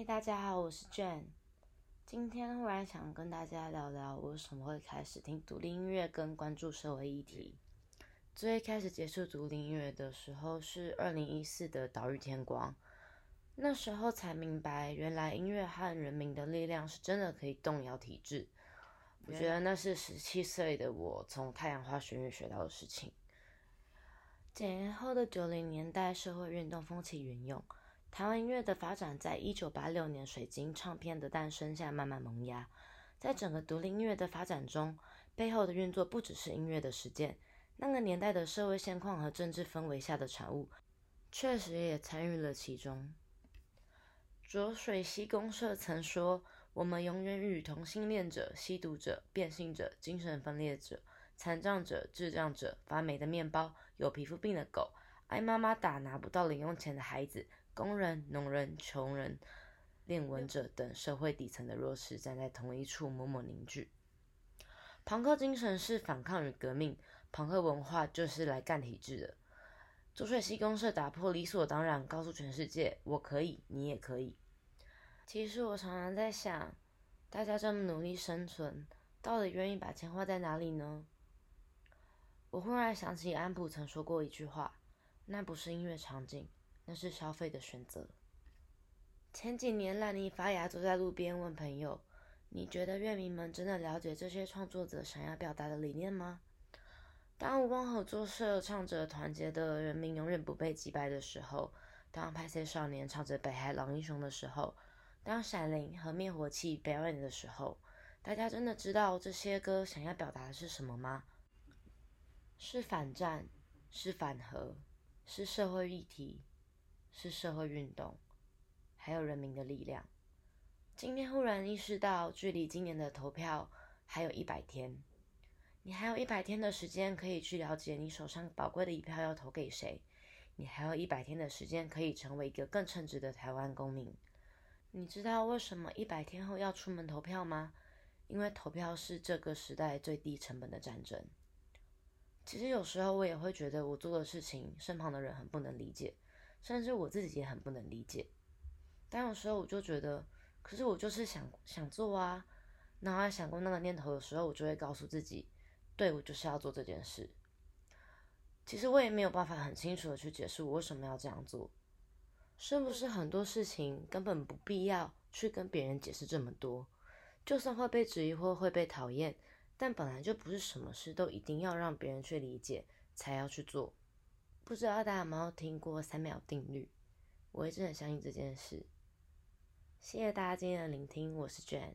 Hey, 大家好，我是 Jane。今天忽然想跟大家聊聊，我為什麼會開始聽獨立音樂跟關注社會議題。最開始接觸獨立音樂的時候是二零一四的《島嶼天光》，那時候才明白，原來音樂和人民的力量是真的可以動搖體制。我覺得那是十七歲的我從太陽花學運學到的事情。解嚴後的九零年代，社會運動風起雲湧。台灣音樂的發展，在一九八六年水晶唱片的誕生下慢慢萌芽。在整個獨立音樂的發展中，背後的運作不只是音樂的實踐，那個年代的社會現況和政治氛圍下的產物，確實也參與了其中。濁水溪公社曾說：“我們永遠與同性戀者、吸毒者、變性者、精神分裂者、殘障者、智障者、發霉的麵包、有皮膚病的狗。”挨媽媽打、拿不到零用錢的孩子、工人、農人、窮人、練文者等社會底層的弱勢，站在同一處，默默凝聚。龐克精神是反抗與革命，龐克文化就是來幹體制的。濁水溪公社打破理所當然，告訴全世界：“我可以，你也可以。”其實我常常在想，大家這麼努力生存，到底願意把錢花在哪裡呢？我忽然想起安溥曾說過一句話。那不是音樂場景，那是消費的選擇。前幾年，爛泥發芽，坐在路邊問朋友：“你覺得樂迷們真的了解這些創作者想要表達的理念嗎？”當無妄合作社唱着“團結的人民永遠不被擊敗”的時候，當拍謝少年唱着《北海老英雄》的時候，當閃靈和滅火器表演的時候，大家真的知道這些歌想要表達的是什麼嗎？是反戰，是反核。是社會議題，是社會運動，還有人民的力量。今天忽然意識到，距離今年的投票還有一百天，你還有一百天的時間可以去了解你手上寶貴的一票要投給誰。你還有一百天的時間可以成為一個更稱職的台灣公民。你知道為什麼一百天後要出門投票嗎？因為投票是這個時代最低成本的戰爭。其實有時候我也會覺得我做的事情，身旁的人很不能理解，甚至我自己也很不能理解。但有時候我就覺得，可是我就是想想做啊，然後想過那個念頭的時候，我就會告訴自己，對，我就是要做這件事。其實我也沒有辦法很清楚的去解釋我為什麼要這樣做，是不是很多事情根本不必要去跟別人解釋這麼多，就算會被質疑或會被討厭，但本來就不是什麼事都一定要讓別人去理解才要去做。不知道大家有沒有聽過三秒定律？我一直很相信這件事。謝謝大家今天的聆聽，我是 Jan